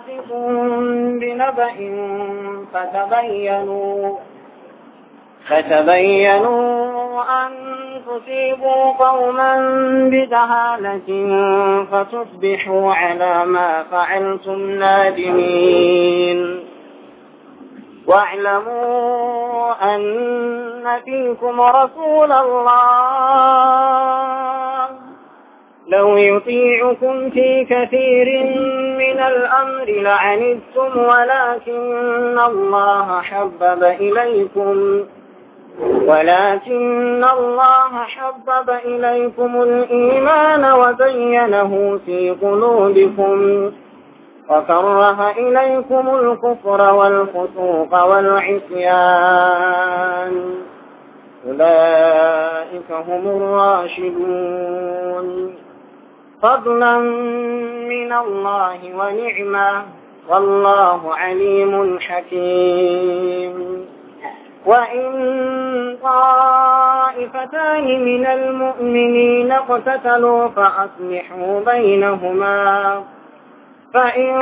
فاسق بنبأ فتبينوا فتبينوا أن تصيبوا قوما بجهالة فتصبحوا على ما فعلتم نادمين واعلموا أن فيكم رسول الله لو يطيعكم في كثير من الأمر لعنتم ولكن الله حبب إليكم ولكن الله حبب إليكم الإيمان وزينه في قلوبكم وكره إليكم الكفر والفسوق والعصيان أولئك هم الراشدون فضلا من الله ونعمة والله عليم حكيم وإن طائفتان من المؤمنين اقتتلوا فأصلحوا بينهما فإن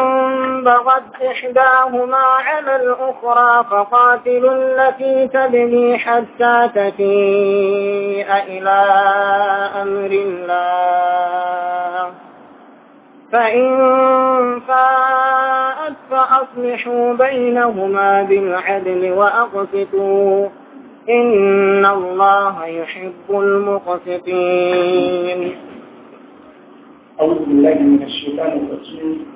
بغت إحداهما على الأخرى فقاتلوا التي تبني حتى تفيء إلى أمر الله فإن فاءت فأصلحوا بينهما بالعدل وأقسطوا إن الله يحب المقسطين أعوذ بالله من الشيطان الرجيم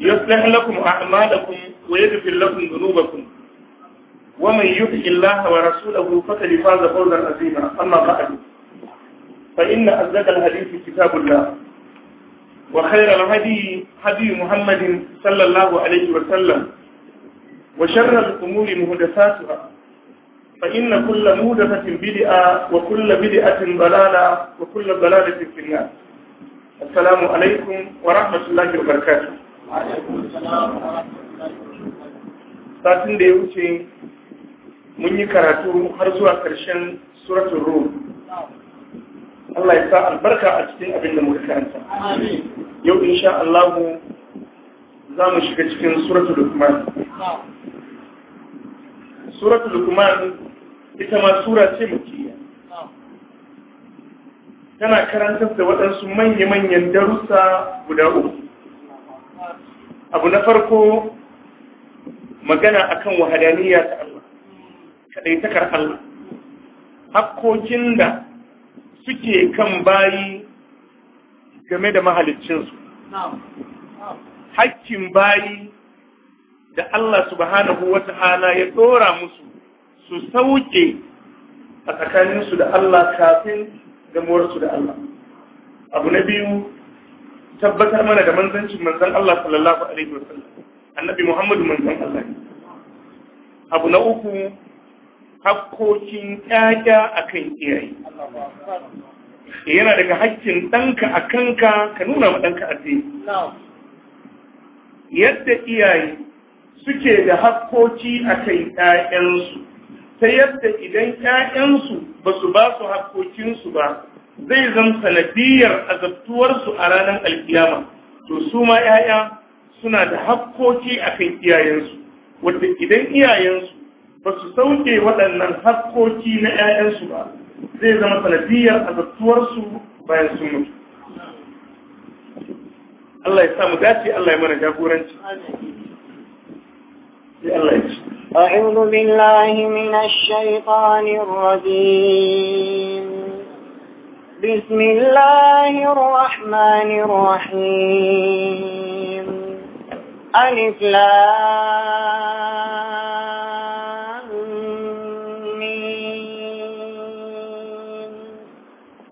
يصلح لكم أعمالكم ويغفر لكم ذنوبكم ومن يطع الله ورسوله فقد فاز فوزا عظيما أما بعد فإن أصدق الحديث كتاب الله وخير الهدي هدي محمد صلى الله عليه وسلم وشر الأمور مهدفاتها فإن كل مهدفة بدعة وكل بدعة ضلالة وكل ضلالة في النار السلام عليكم ورحمة الله وبركاته satin da ya wuce mun yi karatu har zuwa ƙarshen suratun ruhu Allah ya sa albarka a cikin abin da muka karanta yau insha Allah za mu shiga cikin suratun lukman suratun lukman ita ma sura ce tana karantar da waɗansu manya-manyan darussa guda uku abu na farko magana a kan wahadaniya ta Allah kaɗaitakar Allah hakkokin da suke kan bayi game da mahaliccinsu hakkin bayi da Allah subhanahu wa ta'ala ya ɗora musu su sauke a tsakaninsu da Allah kafin damuwarsu da Allah abu na biyu tabbatar mana da manzancin manzan Allah sallallahu alaihi wasallam annabi Muhammadu manzan Allah ne abu na uku hakkokin ƴaƴa akan iyaye e, yana daga hakkin ɗanka a kanka ka nuna ma ɗanka a yadda iyaye suke da hakkoki a kan ƴaƴansu ta yadda idan ƴaƴansu ba su ba su hakkokinsu ba zai zama sanadiyar azabtuwarsu a ranar alkiyama to su ma 'ya'ya suna da hakkoki a kan iyayensu wadda idan iyayensu ba su sauke waɗannan hakkoki na 'ya'yansu ba zai zama sanadiyar azabtuwarsu bayan sun mutu Allah ya samu dace Allah ya mana jagoranci أعوذ بالله من الشيطان الرجيم بسم الله الرحمن الرحيم ألف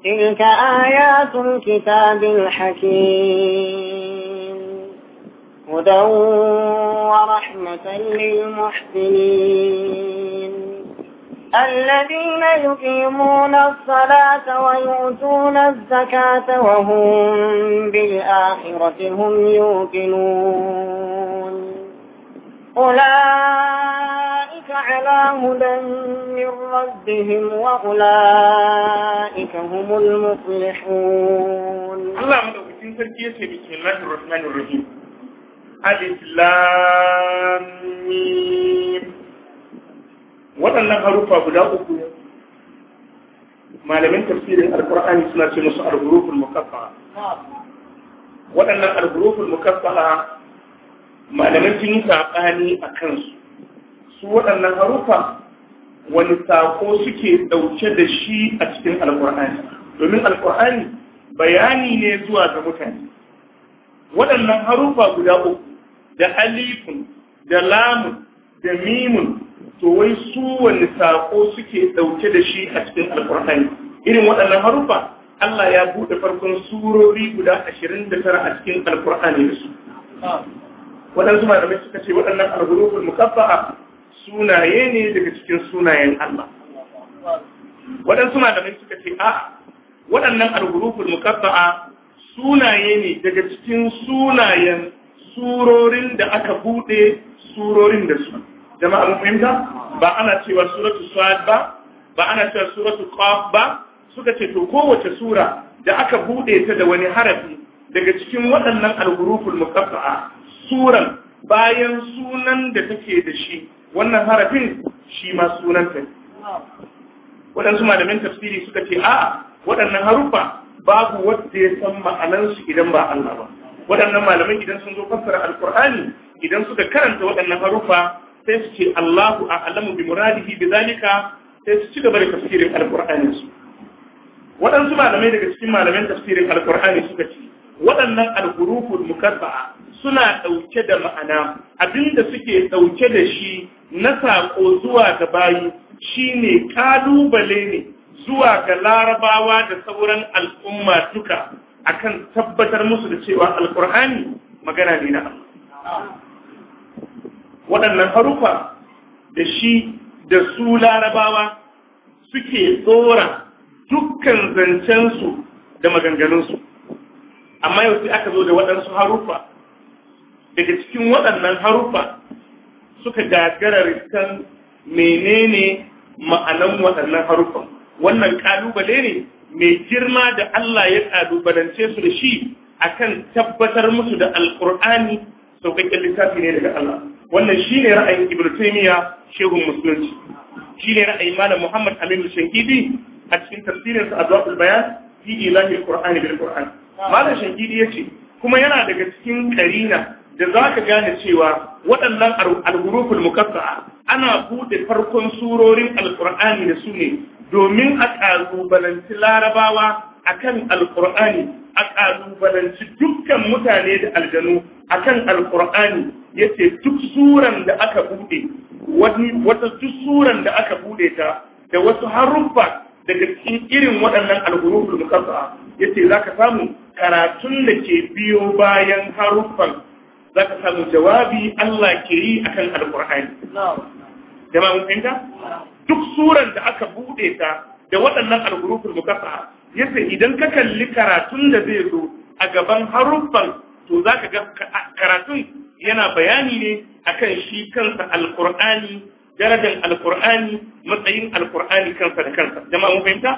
تلك آيات الكتاب الحكيم هدى ورحمة للمحسنين الذين يقيمون الصلاة ويؤتون الزكاة وهم بالآخرة هم يوقنون أولئك على هدى من ربهم وأولئك هم المفلحون الله بسم الله الرحمن الرحيم الإسلام waɗannan harufa guda uku malamin tafsirin alkur'ani suna ce musu alhuruful mukaffa waɗannan alhuruful mukaffa malamin sun yi saɓani a kansu su waɗannan harufa wani saƙo suke ɗauke da shi a cikin alkur'ani domin alkur'ani bayani ne zuwa ga mutane waɗannan harufa guda uku da alifun da lamun da mimun to wai su wani saƙo suke ɗauke da shi a cikin alƙur'ani irin waɗannan haruffa Allah ya buɗe farkon surori guda ashirin da tara a cikin alƙur'ani da su waɗansu malamai suka ce waɗannan alhurufin mukaffa'a sunaye ne daga cikin sunayen Allah waɗansu malamai suka ce a'a waɗannan alhurufin mukaffa'a sunaye ne daga cikin sunayen surorin da aka buɗe surorin da su jama'a mun fahimta ba ana cewa suratul sad ba ba ana cewa suratul qaf ba suka ce to kowace sura da aka bude ta da wani harafi daga cikin waɗannan alhuruful muqaffa'a suran bayan sunan da take da shi wannan harafin shi ma sunan ta waɗansu malamin tafsiri suka ce a'a waɗannan haruffa babu wanda ya san ma'anansu idan ba Allah ba waɗannan malamin idan sun zo fassara alkur'ani idan suka karanta waɗannan haruffa sai su ce Allahu a'lamu bi muradihi bi zalika sai su ci gaba da tafsirin alqur'ani su waɗansu malamai daga cikin malamin tafsirin alqur'ani suka ce waɗannan alhurufu mukabba'a suna ɗauke da ma'ana abinda suke ɗauke da shi na saƙo zuwa ga bayi shine ƙalubale ne zuwa ga larabawa da sauran al'umma duka akan tabbatar musu da cewa alƙur'ani magana ne na Allah waɗannan harufa da shi da su larabawa suke tsora dukkan zancensu da maganganunsu amma yau sai aka zo da waɗansu harufa daga cikin waɗannan harufa suka gagara kan menene ma'anan waɗannan harufan wannan ƙalubale ne mai girma da Allah ya ƙalubalance su da shi akan tabbatar musu da alƙur'ani sauƙaƙƙen littafi ne daga Allah wannan shine ra'ayin Ibn taymiya shehun musulunci shine ra'ayin malam muhammad amin shankidi a cikin tafsirin sa adwaqul bayan fi ilahi alqur'ani bil qur'an malam shankidi yace kuma yana daga cikin karina da zaka gane cewa waɗannan alhuruful mukaffa'a ana bude farkon surorin alqur'ani da su ne domin a ƙalubalanci larabawa akan alqur'ani a kalubalanci dukkan mutane da aljanu akan alqur'ani yace duk suran da aka bude wani wata duk suran da aka bude ta da wasu harufa daga cikin irin waɗannan alhuruful mukaffa yace zaka samu karatun da ke biyo bayan harufan zaka samu jawabi Allah ke yi akan alqur'ani jama'a mun fahimta duk suran da aka bude ta da waɗannan alhuruful mukaffa Yasa idan ka kalli karatun da zai zo a gaban haruffan to za ka ga karatun yana bayani ne akan shi kansa alkur'ani darajar alkur'ani matsayin alkur'ani kansa da kansa jama'a mun fahimta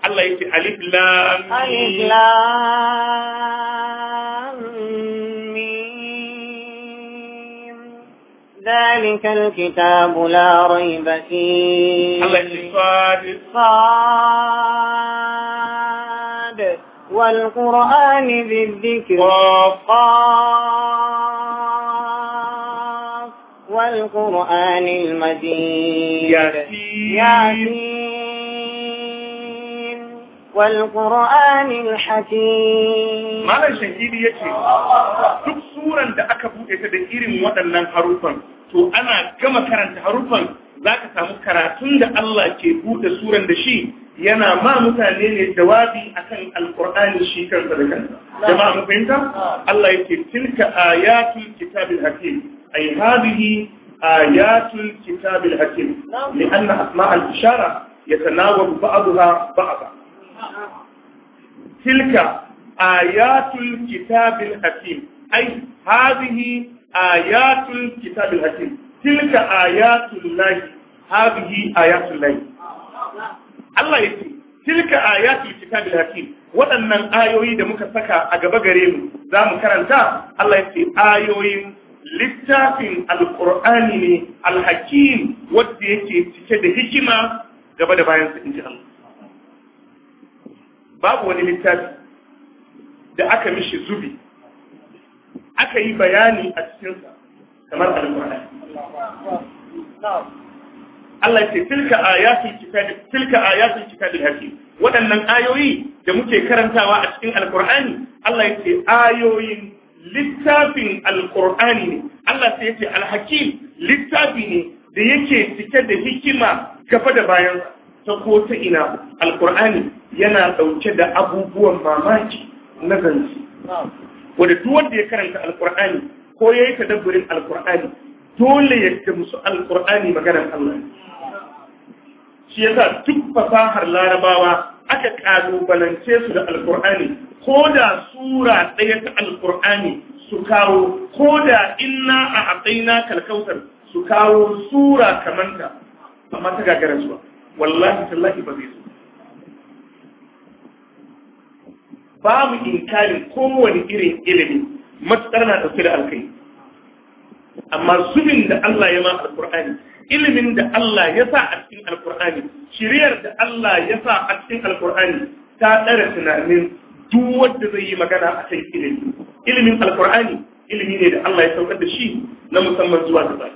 Allah yake alif lam ذلك الكتاب لا ريب فيه الله والقرآن ذي الذكر قاف والقرآن المجيد ياسين والقرآن الحكيم ما لا شهيد يكي duk suran da aka buɗe ta da irin waɗannan harufan za ka samu karatun da Allah ke buɗe suran da shi yana ma mutane ne jawabi akan alkur'ani shi kansa da kansa jama'a mu fahimta Allah yake tilka ayatul kitabil hakim ay hadhihi ayatul kitabil hakim lianna asma'al ishara yatanawabu ba'daha ba'da tilka ayatul kitabil hakim ay hadhihi ayatul kitabil hakim tilka ayatul lahi hadhihi ayatul layl Allah ya ce tilka ayatul kitabil hakim waɗannan ayoyi da muka saka a gaba gare mu za mu karanta Allah ya ce ayoyin littafin alqur'ani ne alhakim wanda yake cike da hikima gaba da bayan sa Allah babu wani littafi da aka mishi zubi aka yi bayani a cikinsa kamar Allah ce tilka ayatul kitabi tilka ayatul kitabil hakim waɗannan ayoyi da muke karantawa a cikin alqur'ani Allah yace ayoyin littafin alqur'ani ne Allah sai yace alhakim littafi ne da yake cike da hikima gaba da bayan ta ko ta ina alqur'ani yana dauke da abubuwan mamaki na zance wanda duk wanda ya karanta alqur'ani ko yayi tadabburin alqur'ani dole ya gamsu alqur'ani maganar Allah shi yasa duk fasahar larabawa aka kalubalance su da alkur'ani ko da sura ɗaya ta alkur'ani su kawo ko da inna a atsaina kalkautar su kawo sura kamanta amma ta gagara su wallahi tallahi ba zai so babu inkarin kowane irin ilimi matsar na ɗauke da alkai amma zubin da Allah ya ma alkur'ani ilimin da Allah ya sa a cikin alkur'ani shiriyar da Allah ya sa a cikin alkur'ani ta ɗara tunanin duk wanda zai yi magana a kan ilimi ilimin alkur'ani ilimi ne da Allah ya saukar da shi na musamman zuwa ga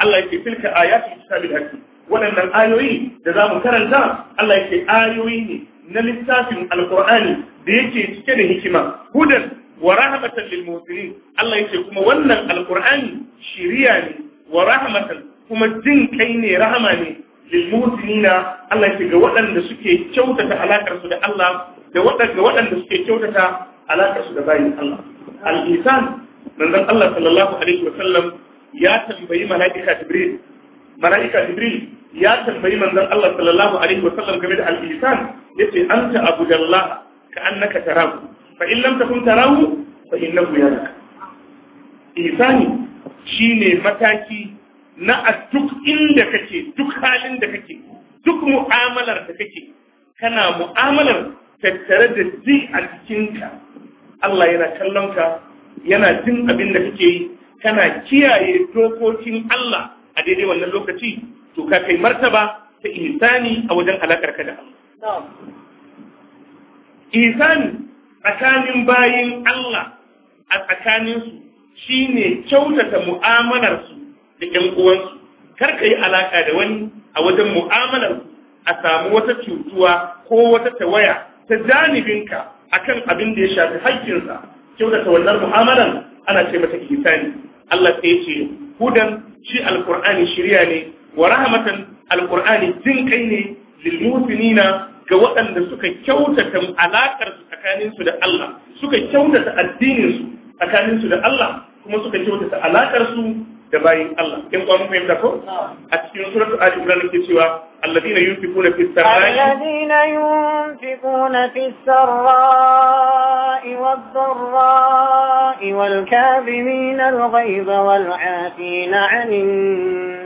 Allah ya ce tilka ayatul kitabil hakim waɗannan ayoyi da za mu karanta Allah ya ce ayoyi ne na littafin alkur'ani da yake cike da hikima hudan wa rahmatan lil mu'minin Allah yake kuma wannan alqur'ani shiriya ne wa rahmatan kuma jin kai ne rahama ne lil mu'minina Allah yake ga waɗanda suke kyautata alakar su da Allah da waɗanda waɗanda suke kyautata alakar su da bayin Allah al-insan manzon Allah sallallahu alaihi wa sallam ya tambayi malaika Jibril malaika Jibril ya tambayi manzon Allah sallallahu alaihi wa sallam game da al-insan yace anta abudallah ka annaka tarahu fa in lam takun tarahu fa innahu yaraka shi shine mataki na a duk inda kake duk halin da kake duk mu'amalar da kake kana mu'amalar tattare da zi a cikinka Allah yana kallon ka yana jin abin da kake yi kana kiyaye dokokin Allah a daidai wannan lokaci to ka kai martaba ta isani a wajen alakar ka da Allah Isani. tsakanin bayin Allah a tsakaninsu shi ne kyautata mu'amalarsu da ‘yan uwansu, kar ka yi alaƙa da wani a wajen mu'amalarsu a samu wata cutuwa ko wata tawaya ta janibinka a kan abin da ya shafi haƙƙinsa, kyautata wannan mu'amalar ana ce mata kisani. Allah sai ce, hudan shi alƙur'ani shirya ne, wa rahmatan alƙur'ani jin kai ne lil ga waɗanda suka kyautata alaƙarsu tsakaninsu da Allah suka kyautata addininsu tsakaninsu da Allah kuma suka kyautata alaƙarsu da bayin Allah in kwa mun fahimta ko a cikin suratu ali imran ke cewa alladina yunfikuna fis sarai alladina yunfikuna fis sarai wad dharai wal kadhimin al ghayz wal 'afina 'anil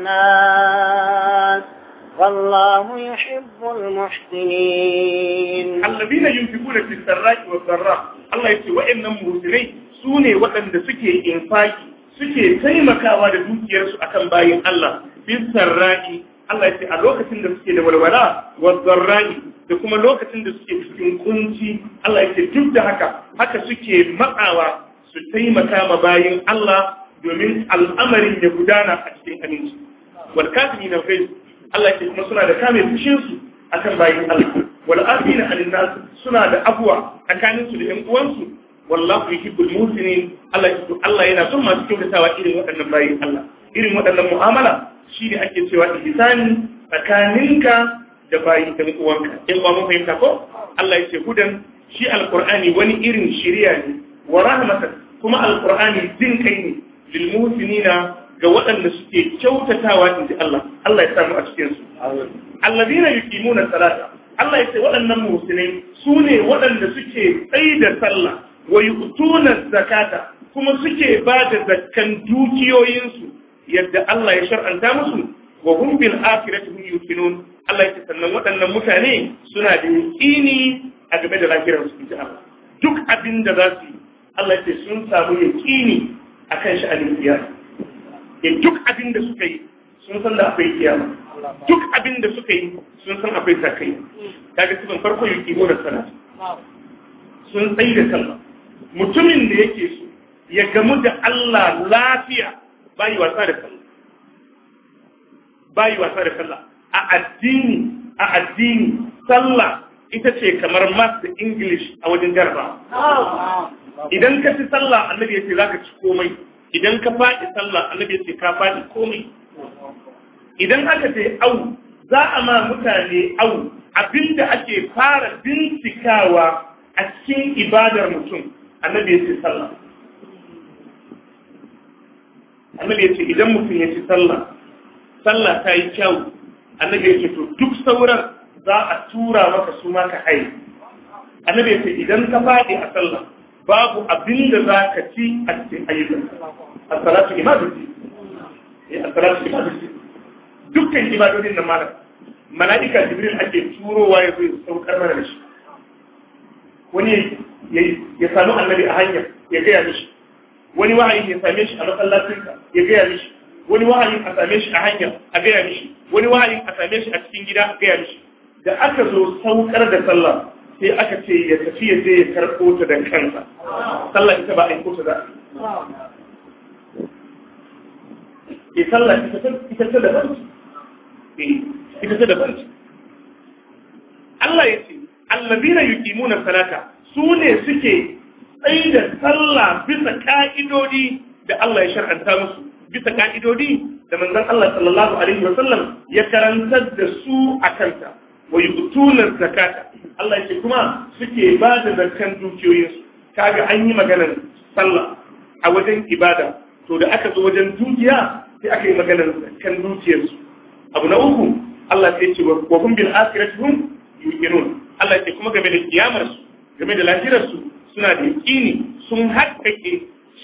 nas والله يحب المحسنين الذين ينفقون في السراء والضراء الله يتي وإنهم مرسلين سوني وأن سكي إنفاقي سكي تيمكاوا da dukiyarsu akan bayin Allah bin sarra'i Allah ya ce a lokacin da suke da walwala wa zarra'i da kuma lokacin da suke cikin kunci Allah ya ce duk da haka haka suke matsawa su taimaka ma bayin Allah domin al'amarin ya gudana a cikin aminci wal kafirin na Allah ke kuma suna da kame fushinsu kan bayan Allah wal afina alin nas suna da abuwa tsakanin su da ƴan uwansu wallahu yuhibbul muhsinin Allah ke Allah yana son masu kyautatawa irin waɗannan bayin Allah irin waɗannan mu'amala shi ne ake cewa ihsani tsakaninka da bayin ɗan uwanka ɗan uwa mun fahimta ko Allah ya ce hudan shi alqur'ani wani irin shiriya ne wa rahmatan kuma alqur'ani jin kai ne lil muhsinina ga waɗanda suke kyautatawa in ji Allah Allah ya samu a cikin su allazina yuqimuna salata Allah ya ce waɗannan musulmai su ne waɗanda suke tsayi da sallah wa yu'tuna zakata kuma suke ba da zakkan dukiyoyinsu yadda Allah ya shar'anta musu wa hum bil akhirati hum yuqinun Allah ya ce sannan waɗannan mutane suna da yaqini a game da lafiyar su ji Allah duk abin da za su yi Allah ya ce sun samu yaqini akan sha'anin biyar duk abin da suka yi sun san da akwai kiyama duk abin da suka yi sun san akwai sakai kaga cikin farko yake da sana sun tsayi da sallah mutumin da yake so ya gamu da Allah lafiya bayi wasa da sallah bayi wasa da sallah a addini a addini sallah ita ce kamar math da english a wajen jarabawa idan ka ci sallah annabi ya ce zaka ci komai idan ka faɗi sallah annabi ce ka faɗi komai idan aka ce au za a ma mutane au abinda ake fara bincikawa a cikin ibadar mutum annabi ya ce sallah annabi ya ce idan mutum ya ci sallah sallah ta yi kyau annabi ya ce to duk sauran za a tura maka su maka hai annabi ya ce idan ka faɗi a sallah babu abin da za ka ci a cikin ayyukan as-salatu ibadati eh as-salatu ibadati dukkan ibadodin nan malam mala'ika jibril ake turowa ya zo ya saukar mana da shi wani ya sami annabi a hanya ya gaya mishi wani wahayin ya same shi a masallacinsa ya gaya mishi wani wahayin a same shi a hanya a gaya mishi wani wahayin a same shi a cikin gida a gaya mishi da aka zo saukar da sallah sai aka ce ya tafi ya je ya karɓo ta da kansa sallah ita ba a yi ko ta za e eh, sallah ita ta daban eh, ita ta daban Allah ya ce allazina Muna salata su ne suke tsaye da sallah bisa ka'idodi da Allah ya shar'anta musu bisa ka'idodi da manzan Allah sallallahu alaihi wasallam ya karantar da su a kanta wa yutunar zakata Allah ce kuma suke ba da zakkan dukiyoyinsu kaga an yi maganar sallah a wajen ibada to da aka zo wajen dukiya sai aka yi maganar zakan dukiyarsu abu na uku Allah sai ce wa hum bil akhirati hum yuqinun Allah sai kuma game da kiyamar game da lafiyar suna da yaqini sun haƙƙaƙe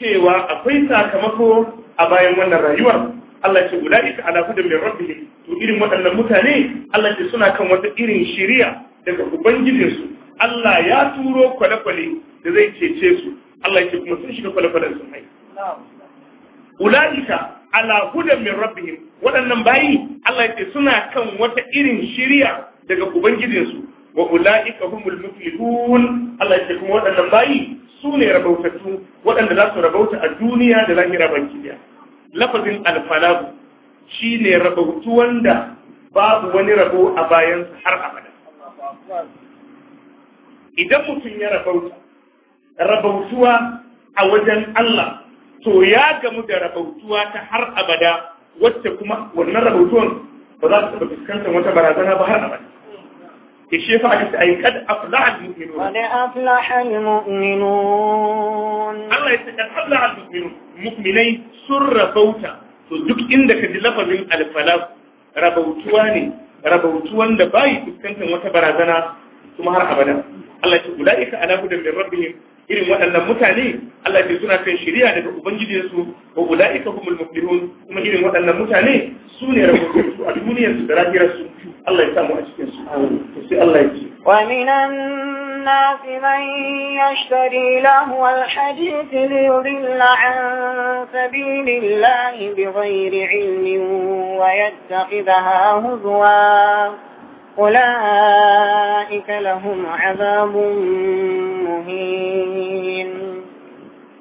cewa akwai sakamako a bayan wannan rayuwar Allah ce ulaika ala hudan min rabbihim to irin waɗannan mutane Allah ce suna kan wata irin shiriya daga ubangijinsu Allah ya turo kwale-kwale da zai cece su Allah ce kuma sun shiga kwale-kwalen sun hai ulaika ala hudan min rabbihim waɗannan bayi Allah ce suna kan wata irin shiriya daga ubangijinsu wa ulaika humul muflihun Allah ce kuma waɗannan bayi su ne rabautattu waɗanda za su rabauta a duniya da lahira banki daya lafazin alfalagu shi ne rabautu wanda babu wani rabo a bayansa har abada idan mutum ya rabauta rabautuwa a wajen Allah to ya gamu da rabautuwa ta har abada wacce kuma wannan rabautuwan ba za su taɓa fuskantar wata barazana ba har abada rabautuwan da bayi fuskantar wata barazana kuma har abada Allah ya ulaika ala hudan min rabbihim irin waɗannan mutane Allah ya suna kan shiriya daga ubangiji su wa ulaika humul muflihun kuma irin waɗannan mutane sune rabautu a duniyar su da rahirar su Allah ya samu a cikin su amin ومن الناس من يشتري لهو الحديث ليضل عن سبيل الله بغير علم ويتخذها هزوا أولئك لهم عذاب مهين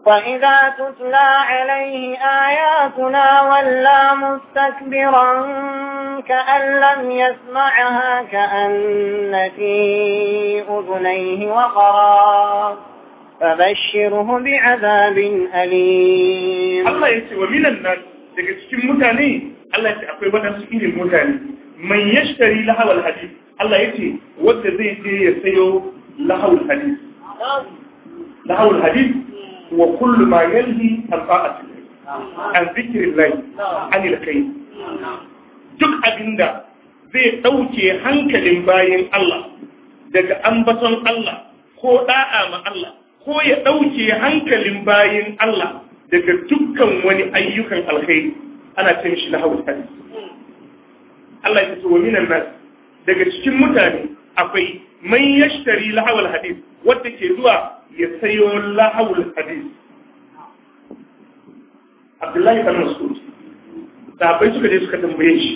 فإذا تتلى عليه آياتنا ولا مستكبرا كأن لم يسمعها كأن في أذنيه وقرا فبشره بعذاب أليم الله يسوى ومن الناس تجد متاني الله يسوى أقوى بنا سكين المتاني من يشتري لها الحديث الله يسوى وزي زي يسيو لها الحديث لها الحديث wa kullu ma yanhi an ta'ati an zikrillahi anil khair duk abinda zai dauke hankalin bayin Allah daga ambaton Allah ko da'a ma Allah ko ya dauke hankalin bayin Allah daga dukkan wani ayyukan alkhairi ana ce mishi lahawul hadith Allah ya ce wa minan nas daga cikin mutane akwai man yashtari lahawul hadith wanda ke zuwa ya sayo lahawul hadis Abdullahi bin Mas'ud bai suka je suka tambaye shi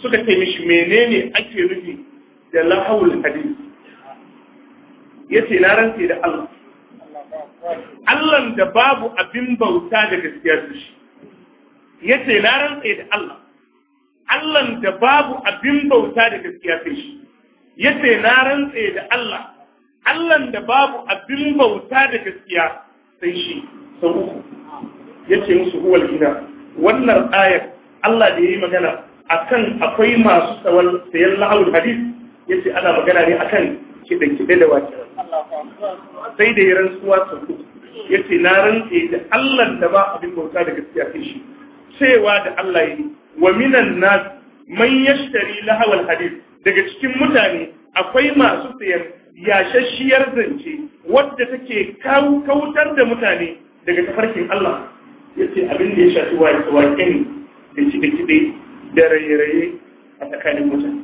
suka ce mishi menene ake nufi da lahawul hadis yace na rantse da Allah Allah da babu abin bauta da gaskiya su shi yace na rantse da Allah Allah da babu abin bauta da gaskiya su shi yace na rantse da Allah Allahn da babu abin bauta da gaskiya sai shi sau uku ya ce musu huwal gina wannan ayar Allah da ya yi magana A kan akwai masu tsawon sayan la'awul hadis ya ce ana magana ne a kan kiɗan kiɗe da wake sai da ya rantsuwa sau uku ya ce na rantse da Allah da ba abin bauta da gaskiya sai shi cewa da Allah ya yi wa minan nas man yashtari lahawal hadis daga cikin mutane akwai masu sayan yashashiyar zance wadda take kautar da mutane daga tafarkin Allah ya ce abin da ya shafi wake ne da kiɗe-kiɗe da raye-raye a tsakanin mutane.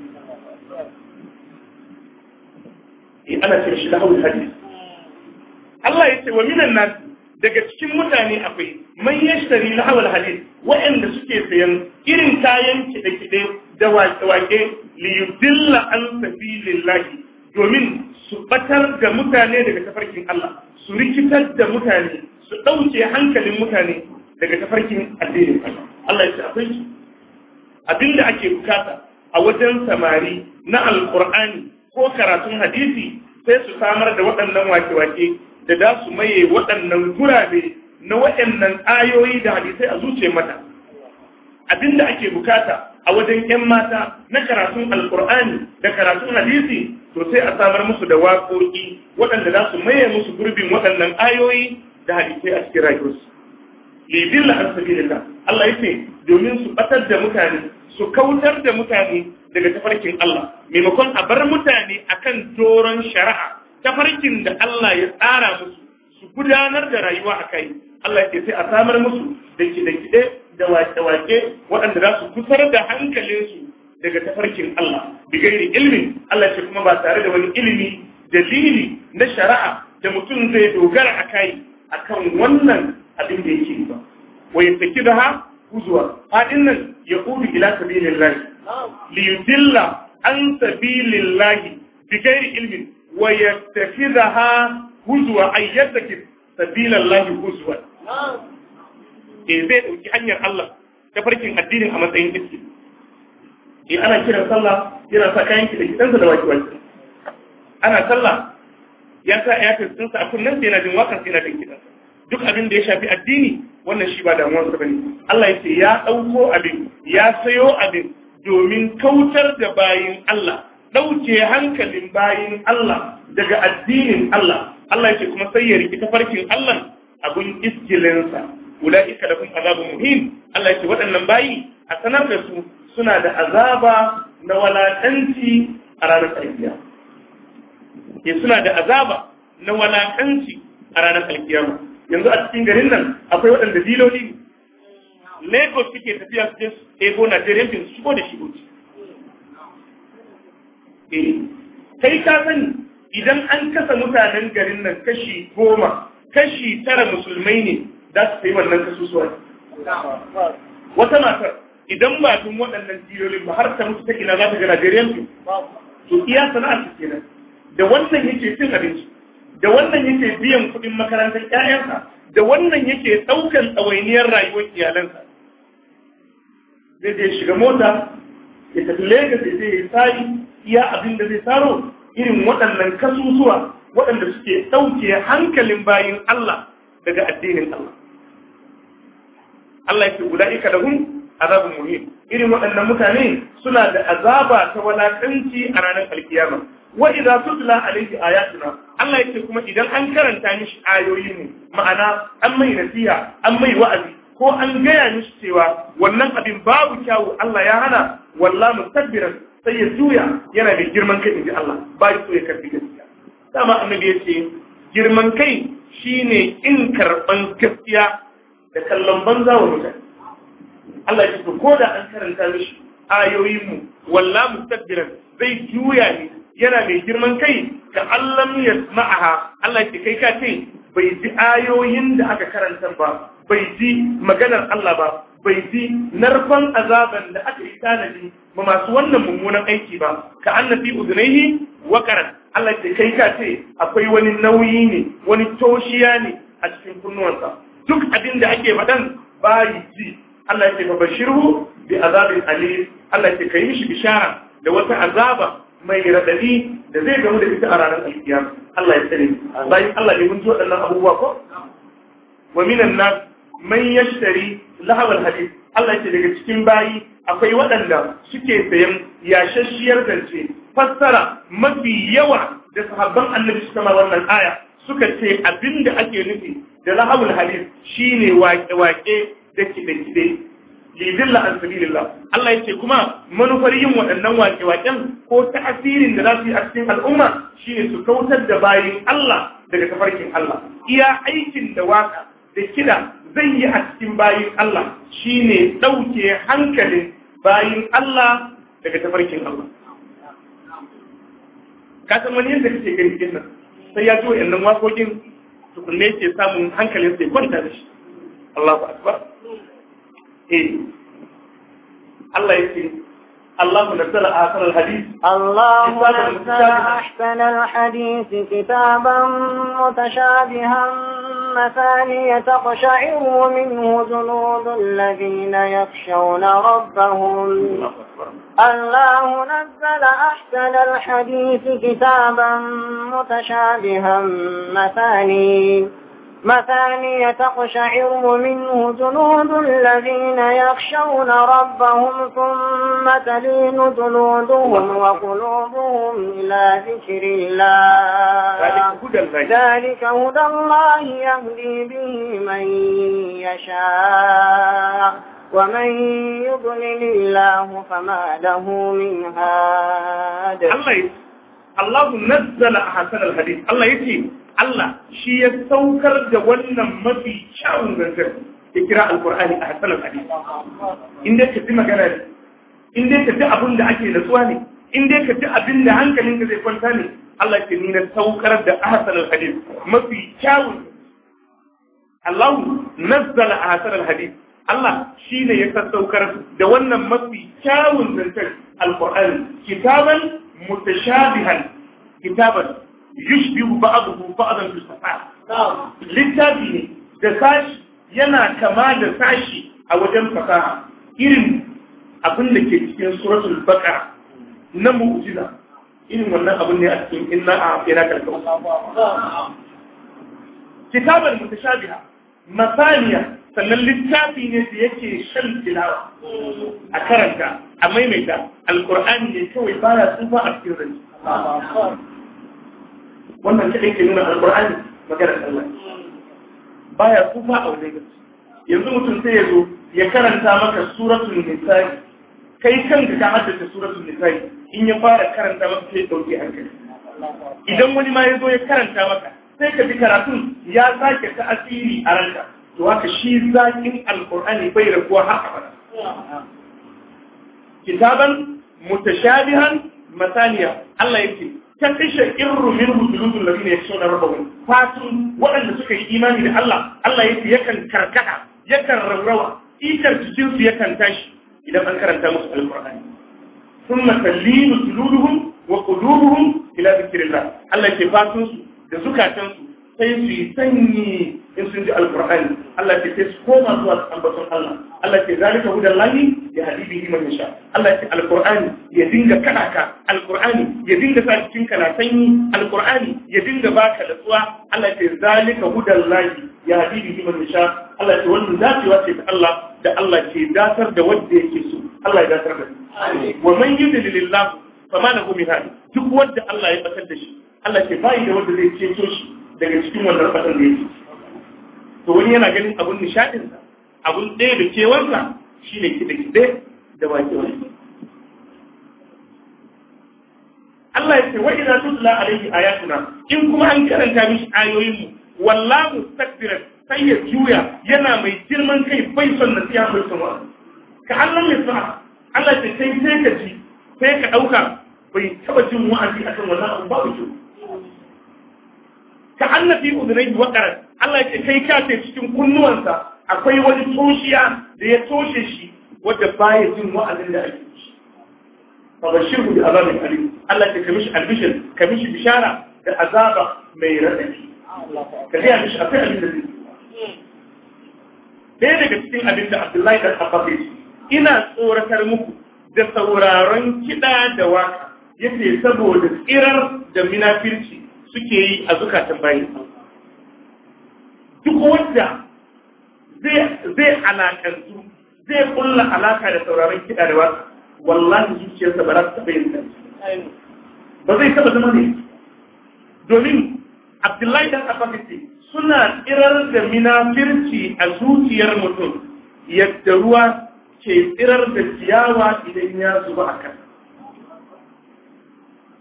In eh, ana cin shi da hawan hadis. Allah ya ce wa minan nas daga cikin mutane akwai man yashtari na hawan hadis waɗanda suke sayan irin kayan kiɗe-kiɗe da wake-wake li yudilla an domin batar da mutane daga tafarkin Allah su rikitar da mutane su ɗauke hankalin mutane daga tafarkin addinin Allah Allah ya ce akwai su abinda ake bukata a wajen samari na alkur'ani ko karatun hadisi sai su samar da waɗannan wake-wake da za su maye waɗannan gurabe na waɗannan ayoyi da hadisai a zuce mata abinda ake bukata a wajen 'yan mata na karatun alkur'ani da karatun hadisi to sai a samar musu da waƙoƙi waɗanda za su maye musu gurbin waɗannan ayoyi da hadisai a cikin rayuwarsu lidin la'an sabilillah Allah yace domin su batar da mutane su kautar da mutane daga tafarkin Allah maimakon a bar mutane akan doron shari'a tafarkin da Allah ya tsara musu su gudanar da rayuwa akai Allah yace sai a samar musu da kide-kide da wake-wake waɗanda za su kusar da hankalinsu daga tafarkin Allah bi gairi ilmi Allah ce kuma ba tare da wani ilimi dalili na shari'a da mutum zai dogara a kai kan wannan abin da yake ba wa yattaki da ha uzuwa Faɗin nan ya kudu ila sabilin li yudilla an sabilillahi bi gairi ilmin wa yattaki da ha uzuwa ay sabilin sabilillahi uzuwa da eh, zai ɗauki hanyar Allah ta farkin addinin a matsayin iski in eh, ana kiran sallah yana sa kayan kiɗa kiɗansa da waki waki ana sallah ya sa airfis ɗinsa a kunnen sai yana jin wakan sai yana jin kiɗan duk abin da ya shafi addini wannan shi ba damuwarsa ne. Allah ya ce ya ɗauko abin ya sayo abin domin kautar da bayin Allah ɗauke hankalin bayin Allah daga addinin Allah Allah ya ce kuma sai ya riki tafarkin Allah abin iskilinsa ulaika lahum azabun muhim Allah ya ce waɗannan bayi a sanar da su suna da azaba na walakanci a ranar alkiyama ke eh, suna da azaba na walakanci a ranar alkiyama yanzu a cikin garin nan akwai waɗanda diloli ne Lagos suke tafiya su je su ɗebo Nigerian bin su shigo da shigo ci. Eh, kai ka sani idan an kasa mutanen garin nan kashi goma, kashi tara musulmai ne, za su sayi wannan kasusuwa wata matar idan ba tun waɗannan jilolin ba har ta mutu ta ina za ta ga Najeriyan su to iya sana'ar su kenan da wannan yake cin abinci da wannan yake biyan kuɗin makarantar ƴaƴansa da wannan yake ɗaukan tsawainiyar rayuwar iyalansa zai je shiga mota ya tafi Legas ya je ya iya abin da zai saro irin waɗannan kasusuwa waɗanda suke ɗauke hankalin bayin Allah daga addinin Allah Allah yake ula'ika lahum azabun muhim irin waɗannan mutane suna da azaba ta walakanci a ranar alkiyama wa idza tutla alayhi ayatuna Allah yake kuma idan an karanta mishi ayoyi ne ma'ana an mai nasiha an mai wa'azi ko an gaya mishi cewa wannan abin babu kyawu Allah ya hana walla mustabbiran sai ya juya yana da girman kai inji Allah ba so ya karbi gaskiya dama annabi yace girman kai shine in karban gaskiya da kallon banza wa mutane Allah ya ko da an karanta mishi ayoyin walla mustabbiran zai juya ne yana mai girman kai ka Allah ya ma'aha Allah ya kai ka ce bai ji ayoyin da aka karanta ba bai ji maganar Allah ba bai ji narfan azaban da aka yi tanadi Ba masu wannan mummunan aiki ba ka annabi udunaihi wa karan Allah ya kai ka ce akwai wani nauyi ne wani toshiya ne a cikin kunnuwansa duk abin da ake faɗan bayi ji Allah ya ce fa bashiru bi azabin Ali. Allah ya ce kai mishi bishara da wata azaba mai radadi da zai gamu da ita a ranar alkiyama Allah ya tsare bayan Allah ne mun ji waɗannan abubuwa ko wa minan man yashtari lahawal hadith Allah ya ce daga cikin bayi akwai waɗanda suke sayan yashashiyar zance fassara mafi yawa da sahabban annabi suka ma wannan aya suka ce abin da ake nufi da lahabul hadis shine waƙe-waƙe da kide-kide lidilla an sabilillah Allah ya ce kuma manufar yin waɗannan waƙe-waƙen ko ta'asirin da za su yi a cikin al'umma shine su kautar da bayin Allah daga tafarkin Allah iya aikin da waka da kiɗa zai yi a cikin bayin Allah shine ɗauke hankalin bayin Allah daga tafarkin Allah ka san wani yadda kake gani kenan sai ya ji wa'annan waƙoƙin tukunne ke samun hankalin sai kwanta da shi Allah ba akbar eh Allah yake الله نزل آخر الحديث الله نزل أحسن الحديث كتابا متشابها ثم ثانية تقشعر منه جنود الذين يخشون ربهم الله نزل أحسن الحديث كتابا متشابها مثاني مثانية تقشعر منه جنود الذين يخشون ربهم ثم تلين جنودهم وقلوبهم إلى ذكر الله ذلك هدى الله يهدي به من يشاء ومن يضلل الله فما له من هاد الله نزل أحسن الحديث الله يتي الله shi ya saukar da wannan mafi kyawun zantar ya kira alkur'ani a hasanar hadisi in dai ka fi magana ne in dai ka fi abin da ake natsuwa ne in dai ka fi abin da hankalinka zai kwanta ne Allah ke nuna saukar da hasanar hadisi mafi kyawun Allah nazzala a hasanar hadisi Allah shi ne ya saukar da wannan mafi kyawun zantar alkur'ani kitaban mutashabihan kitaban yushbihu ba'dahu ba'dan fi fasaha littafi ne da sashi yana kama da sashi a wajen fasaha irin abin da ke cikin suratul baqara na mu'jiza irin wannan abin ne a cikin inna a yana karkau kitabar mutashabiha masaniya sannan littafi ne da yake shan tilawa a karanta a maimaita alkur'ani ne kawai baya tsufa a cikin rance wannan kaɗai ke nuna alƙur'ani maganar Allah baya tsufa a wajen gaske yanzu mutum sai ya zo ya karanta maka suratun nisa'i kai kanka ka haddace suratun nisa'i in ya fara karanta maka sai dauke hankali idan wani ma ya zo ya karanta maka sai ka ji karatun ya sake ta asiri a ranka to haka shi zakin Alƙur'ani bai raguwa har abada kitaban mutashabihan masaniya Allah yake ta kashe irru min musulutun lafi ne ya so na rabawin fatun waɗanda suka yi imani da Allah Allah ya yakan karkata yakan rarrawa, ikar cikin su yakan tashi idan an karanta musu alqur'ani sun masalli suluduhum wa qulubuhum ila dhikrillah Allah ke fatun su da zukatan su sai su sanyi in sun ji alkur'ani Allah ce sai su koma zuwa ambaton Allah Allah ke zalika hudan lahi ya hadi bihi man yasha Allah ke alkur'ani ya dinga kada ka alkur'ani ya dinga sa cikin ka na sanyi alkur'ani ya dinga baka natsuwa Allah ke zalika hudan lahi ya hadi bihi man yasha Allah ce wannan dacewa ce ta Allah da Allah ke datar da wanda yake so Allah ya datar da shi wa man yudlilillahu fama lahu min hadi duk wanda Allah ya batar da shi Allah ke bayi da wanda zai ceto shi daga cikin wannan fatan da yake to wani yana ganin abun nishadin abun ɗaya da kewarsa shine kiɗe-kiɗe da wake wake Allah ya ce wa idza tutla alayhi ayatuna in kuma an karanta mishi ayoyin mu wallahu mustakbiran sai ya juya yana mai girman kai bai son na siya mai sama ka Allah ya sa Allah ya ce sai ka ji sai ka dauka bai taba jin wa'azi akan wannan abu ba ku ka annabi udunai waqaran Allah ya ce kai ka ce cikin kunnuwansa akwai wani toshiya da ya toshe shi wadda baya jin wa'azin da ake ci fa bashiru bi azabin alim Allah ya kamishi albishir mishi bishara da azaba mai radadi ka ga mishi akwai abin da zai Daya daga cikin abin da Abdullahi da Abbas ina tsoratar muku da sauraron kiɗa da waka yace saboda tsirar da minafirci suke yi a zukatan bayan duk wanda zai alakantu zai kulla alaka da sauraron kiɗa da wasu wallahi zuciyarsa ba za ta taɓa yin ba zai taɓa zama ne domin abdullahi dan afafisi suna tsirar da minafirci a zuciyar mutum yadda ruwa ke tsirar da ciyawa idan ya zuba a kan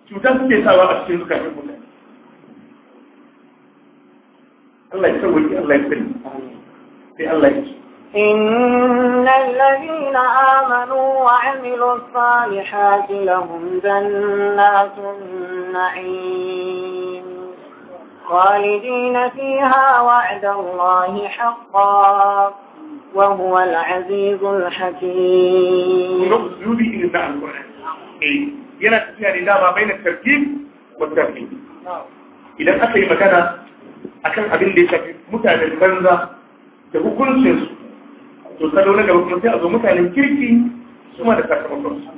cutar suke sawa a cikin zukatan mutane الله يسوي الله يسلم في الله إن الذين آمنوا وعملوا الصالحات لهم جنات النعيم خالدين فيها وعد الله حقا وهو العزيز الحكيم نبذل إنزاء القرآن ينتهي ما بين التركيب والتركيب نعم. إذا أتي مكانه akan abin da ya shafi mutanen banza da hukuncin su, to salo na gaba kuma sai a zo mutanen kirki su ma da sakamakon su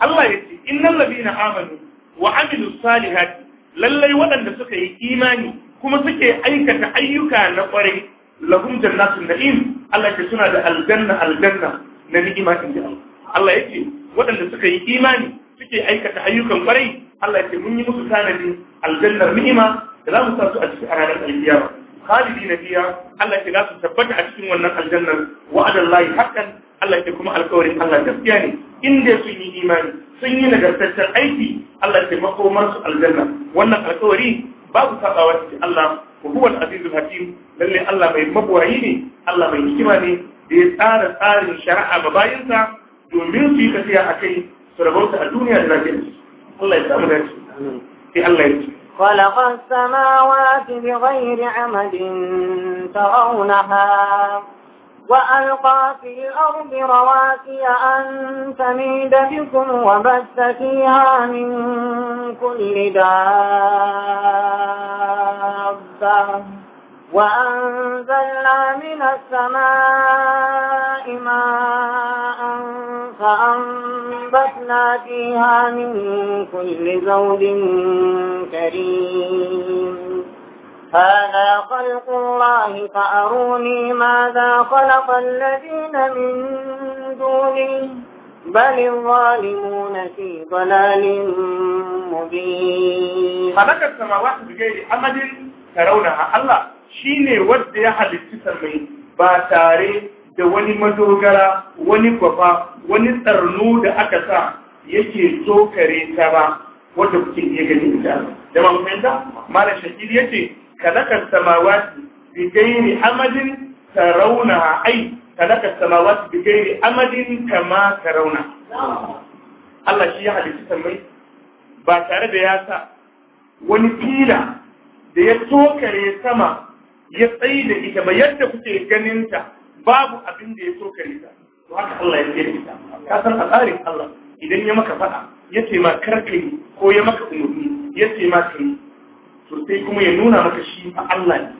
Allah ya ce innal ladina amanu wa amilu salihati lallai waɗanda suka yi imani kuma suke aikata ayyuka na ƙwarai lahum jannatun na'im Allah ya ce suna da aljanna aljanna na ni'ima inda Allah Allah ya ce waɗanda suka yi imani suke aikata ayyukan ƙwarai Allah ya ce mun yi musu tanadi aljannar ni'ima da za mu sa su a a ranar alkiyama khalidi na biya Allah ya za su tabbata a cikin wannan aljannar wa'adan lahi haqqan Allah ke kuma alƙawarin Allah gaskiya ne in dai sun yi imani sun yi nagartaccen aiki Allah ke makomar su aljanna wannan alƙawari babu sabawa cikin Allah wa huwa al-azizul hakim lalle Allah mai mabuwayi ne Allah mai hikima ne da ya tsara tsarin shari'a ga bayinsa domin su yi tafiya akai su rabauta a duniya da lafiya Allah ya samu dace sai Allah ya ce خلق السماوات بغير عمد ترونها وألقى في الأرض رواسي أن تميد بكم وبث فيها من كل دابة وأنزلنا من السماء ماء فأنبتنا فيها من كل زوج كريم هذا خلق الله فأروني ماذا خلق الذين من دونه بل الظالمون في ضلال مبين خلق السماوات بغير أمد ترونها الله شيني ودي أحد السمين ba باتاري da wani madogara wani baba wani tsarno da aka sa yake tokare ta ba wanda kuke iya gani ita da mamfinta mara shakir ya ce kalakar samawati bi gairi amadin tarauna ai kalakar samawati bi gairi amadin kama rauna. Allah shi ya ta sammai ba tare da ya sa wani fila da ya tokare sama ya tsaye da ita ba yadda kuke ganinta babu abin da ya so ka ta to haka Allah ya ce ka san tsarin Allah idan ya maka faɗa ya ce ma karka yi ko ya maka umarni ya ce ma ka yi to sai kuma ya nuna maka shi a Allah ne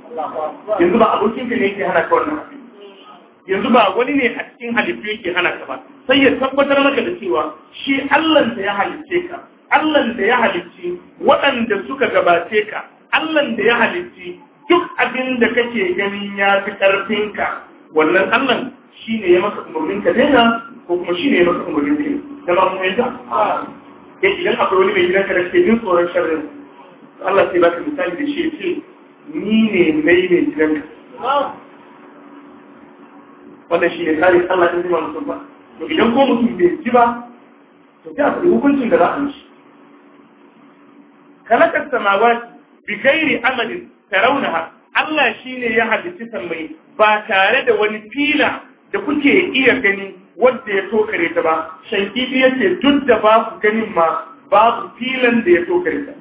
yanzu ba abokin ka ne yake hana ka wannan abin yanzu ba wani ne a cikin halittu yake hana ka ba sai ya tabbatar maka da cewa shi Allah da ya halicce ka Allah da ya halicci waɗanda suka gabace ka Allah da ya halicci duk abin da kake ganin ya fi ƙarfinka wannan Allah shi ne ya maka umarnin ka daina ko kuma shi ne ya maka umarnin ka da ba mu da? ya idan akwai wani mai gidanka da ke bin tsoron sharrin Allah sai baka misali da shi ce ni ne mai mai gidanka wannan shi ne tsarin Allah ta zima mutum ba to idan ko mutum bai ji ba to ta fi hukuncin da za a mishi kalakar samawa bi gairi amalin haka Allah shi ne ya halitti sammai ba tare da wani fila da kuke iya gani wadda ya tokare ta ba shan ya ce duk da babu ganin ma babu filan da ya tokare ta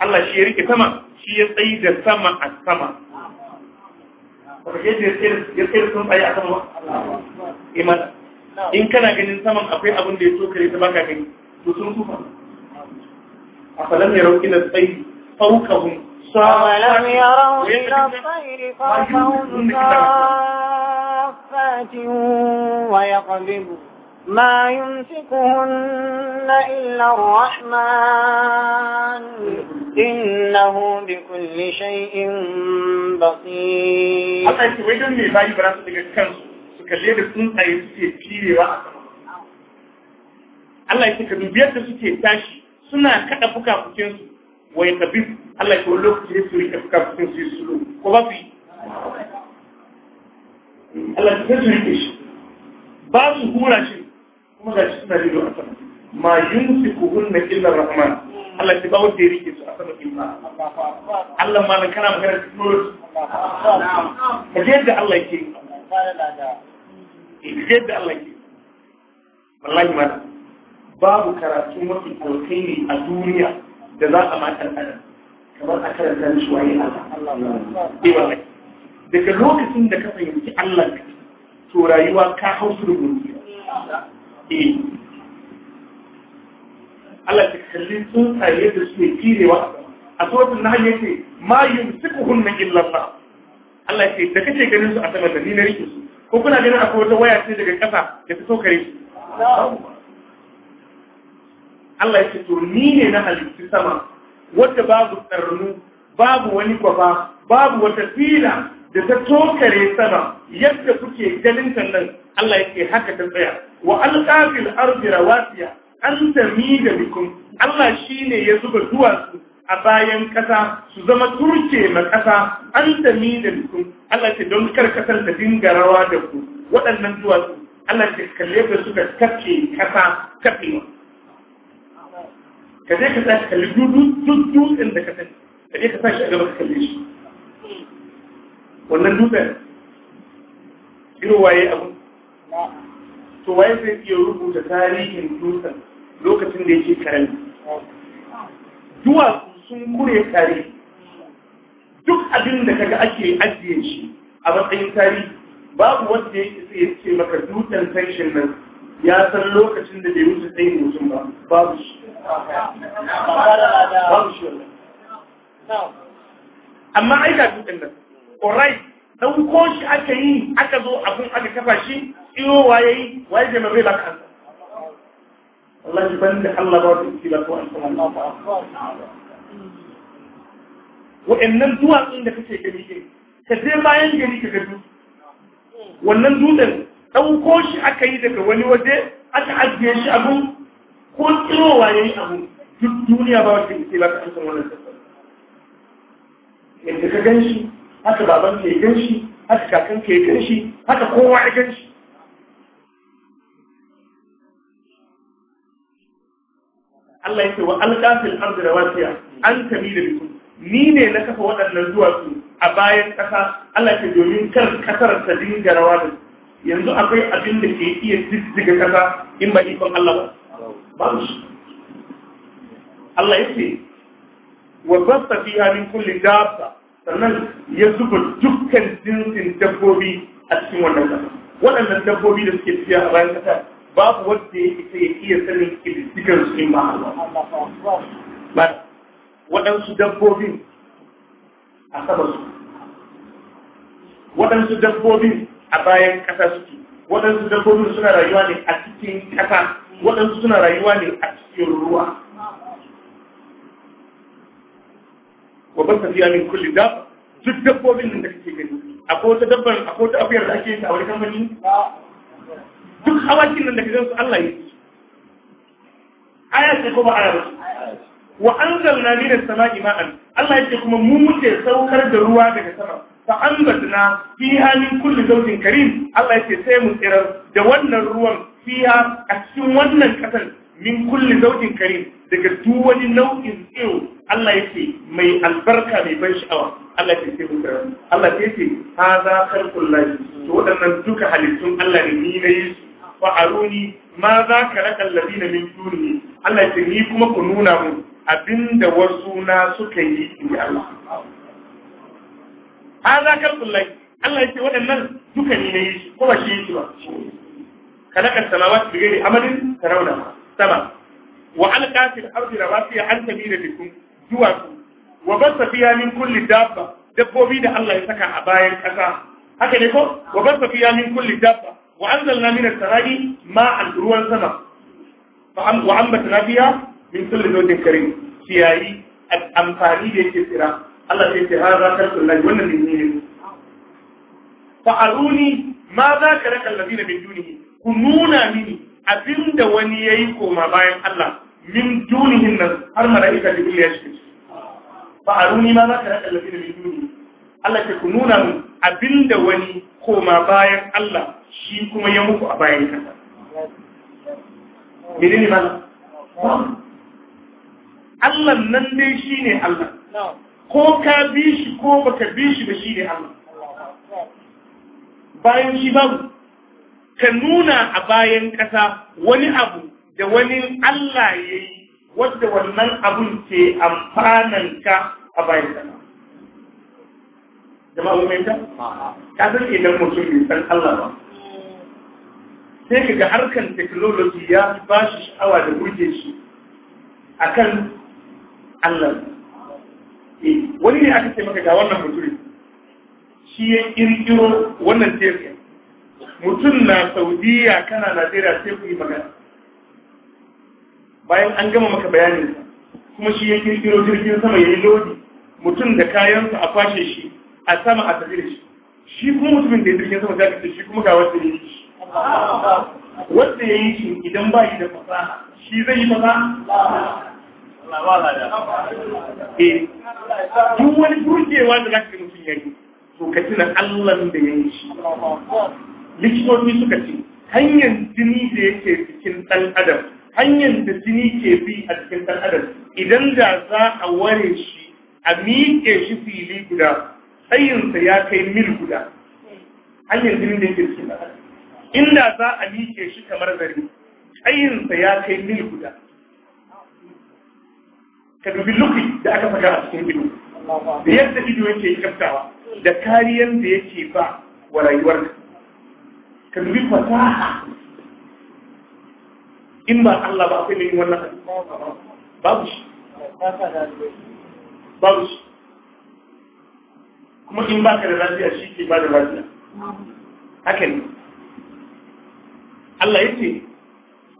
Allah shi ya rike sama shi ya tsayi da sama a sama ya tsaye sun tsaye a sama ba eh, in kana ganin saman akwai abin da ya tokare ta baka gani to sun kufa a falon ya rauki na tsayi faukahun ولم يروا إلى الطير فوقهم كافات ويقبض ما يمسكهن إلا الرحمن إنه بكل شيء بصير Allah ce wajen ne da suke ya ce ka dubi yadda suke tashi suna kada fuka fukensu wa wai tabi Allah ya kawo lokaci da su rike fukafukin su yi sulu ko ba su Allah ya su rike shi ba su hura shi kuma ga shi suna da rido a sama ma yunsi ku hunna illa rahman Allah ya ba wanda ya rike su a sama illa Allah ma nan kana magana technology ka je yadda Allah ke. yake ka je yadda Allah ke. wallahi ma babu karatu mafi ne a duniya da za a ma ɗan adam a Allah daga lokacin da ka fahimci Allah to rayuwa ka hau surgun eh Allah ta kalli tsaye da ne kirewa a tsohon na hanyar ce ma yumsikuhun min illallah Allah ce da kace ganin su a sama da ni na su ko kuna ganin akwai wata waya ce daga kasa da ta saukare su Allah ya ce to ni ne na halittu sama wadda babu tsarnu babu wani kwafa babu wata fila da ta tokare sama yadda kuke ganin nan Allah yake haka ta tsaya wa alqafil ardi rawasiya an tamida bikum Allah shine ya zuba duwatsu a bayan kasa su zama turke ma kasa an tamida bikum Allah ce don kar kasar ta dinga rawa da ku waɗannan duwatsu Allah ce kalle da suka kafe kasa kafewa ka je ka tashi kalli duk dutsen da ka sani ka je ka tashi a gaba ka kalle shi wannan dutsen biro waye abu to waye zai iya rubuta tarihin dutsen lokacin da yake karami duwatsu sun kure kare. duk abin da kaga ake ajiye shi a matsayin tarihi babu wanda ya sai ce maka dutsen tension nan ya san lokacin da bai wuce tsayin mutum ba babu shi amma ai ga dutsen nan alright dauko shi aka yi aka zo abun aka kafa shi iyo waye waye da mai baka an wallahi ban da Allah ba ta ci ko an san wa'annan duwatsun da kake gani ke, ka je bayan gari ka ga wannan dutsen dauko shi aka yi daga wani waje aka ajiye shi abun ko tsirowa ya yi abu duk duniya ba wata ke ba ta cikin wannan sassan yadda ka gan shi haka baban ke gan shi haka kakan ke gan shi haka kowa ya gan shi Allah ya ce wa alƙafil arzi da wasiya an tami da bikin ni ne na kafa waɗannan duwatsu a bayan ƙasa Allah ke domin kar ƙasar ta dinga rawa da yanzu akwai abin da ke iya diddiga ƙasa in ba ikon Allah ba babu Allah yake wa basta fiha min kulli dabba sannan ya zuba dukkan jinsin dabbobi a cikin wannan kasa waɗannan dabbobi da suke tafiya a bayan kasa babu wanda ya isa ya iya sanin kididdigar su in ba Allah waɗansu dabbobin a sama su waɗansu dabbobin a bayan kasa suke waɗansu dabbobin suna rayuwa ne a cikin kasa waɗansu suna rayuwa ne a cikin ruwa wa ban tafiya min kulli dab duk dabbobin da kake gani akwai wata dabban akwai wata afiyar da ake yi a wani kamfani duk hawakin nan da ke gansu Allah ya ci aya ce ko ba aya ba wa anzalna min as-sama'i ma'an Allah ya ce kuma mu muke saukar da ruwa daga sama fa anbatna fiha min kulli zawjin karim Allah ya ce sai mu tsirar da wannan ruwan fiya a cikin wannan ƙasar min kulli zaujin karim daga duk wani nau'in tsiro Allah yake mai albarka mai ban sha'awa Allah ya ce muka Allah ya ce ha za khalqul lahi to wadannan duka halittun Allah ne ni na yi fa aruni ma za ka raka alladina min duni Allah ya ce ni kuma ku nuna mu abinda wasu na suka yi in Allah ha za khalqul lahi Allah ya ce waɗannan duka ni na yi ko shi yi ba خلق السماوات بغير عمل ترونها سما وألقى في الأرض رواسي أن تميل بكم جواكم وبث فيها من كل دابة dabbobi da Allah ya saka a bayan kasa. haka ne ko wa basa min kulli dabba wa anzalna min as-sama'i ma'an ruwan sama fa an wa ambatna fiha min kulli zawjin karim amfani da yake tsira Allah ya ce wannan ma za ka raka alladina min ku nuna mini abinda wani ya yi koma bayan Allah min dunihin nan har mala'ika da ya shi ba a runi ma za ka raɗa lafi da min duni Allah ke ku nuna min abinda wani koma bayan Allah shi kuma ya muku a bayan kasa ne mana Allah nan dai shi ne Allah ko ka bi shi ko baka bi shi ba shi ne Allah bayan shi babu ka nuna a bayan ƙasa wani abu da wani Allah ya yi wadda wannan abun ke amfananka a bayan ƙasa. Jama'a mai ta? Ka san idan mutum bai san Allah ba. Sai ka ga harkan teknoloji ya ba shi sha'awa da burge shi akan Allah. Eh, wani ne aka ce maka ga wannan mutum shi ya ƙirƙiro wannan tefiya mutum na saudiya kana najeriya sai ku yi magana bayan an gama maka bayanin sa, kuma shi ya kirkiro jirgin sama ya yi lodi mutum da kayansa a fashe shi a sama a tafi da shi shi kuma mutumin da ya jirgin sama zaka ce shi kuma ga wanda ya yi shi wanda ya yi shi idan ba shi da fasaha shi zai yi fasaha eh, duk wani burgewa da za ka ga mutum ya yi, to ka tuna Allah da ya yi shi. likitoci suka ce hanyar jini da yake cikin ɗan adam hanyar da jini ke bi a cikin ɗan adam idan da za a ware shi a miƙe shi fili guda tsayinsa ya kai mil guda hanyar jini da yake cikin ɗan adam inda za a miƙe shi kamar zari, tsayinsa ya kai mil guda ka dubi luki da aka saka a cikin ido da yadda ido yake kyaftawa da kariyar da yake ba wa rayuwarka ka dubi in ba Allah ba sai ne wannan babu shi babu shi kuma in ba baka da lafiya shi ke ba da lafiya haka ne Allah ya ce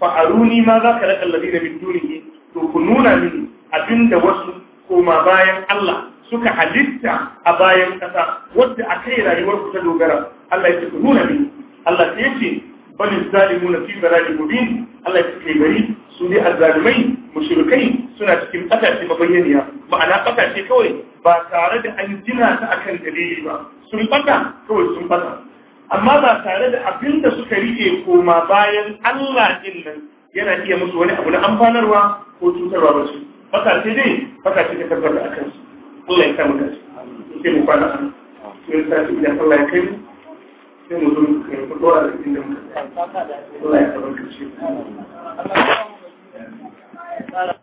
fa'aruni ma za ka raka lalina min duniya to ku nuna mini abinda wasu koma bayan Allah suka halitta a bayan ƙasa wadda a kai rayuwar ku ta dogara Allah ya ce ku nuna min. Allah ta yace bal zalimuna fi dalalin mubin Allah ya ce gari su ne azzalimai mushrikai suna cikin kasashe mabayyaniya ma'ana kasashe kawai ba tare da an gina ta akan dalili ba sun fata kawai sun fata amma ba tare da abin da suka rike koma bayan Allah din nan yana iya musu wani abu na amfanarwa ko cutarwa ba su ce dai ce ta da akan su Allah ya kama mu dace mu kwana sai ce idan Allah ya kai mu sai mutum ya fi dora da inda mutum ya fi dora ya fi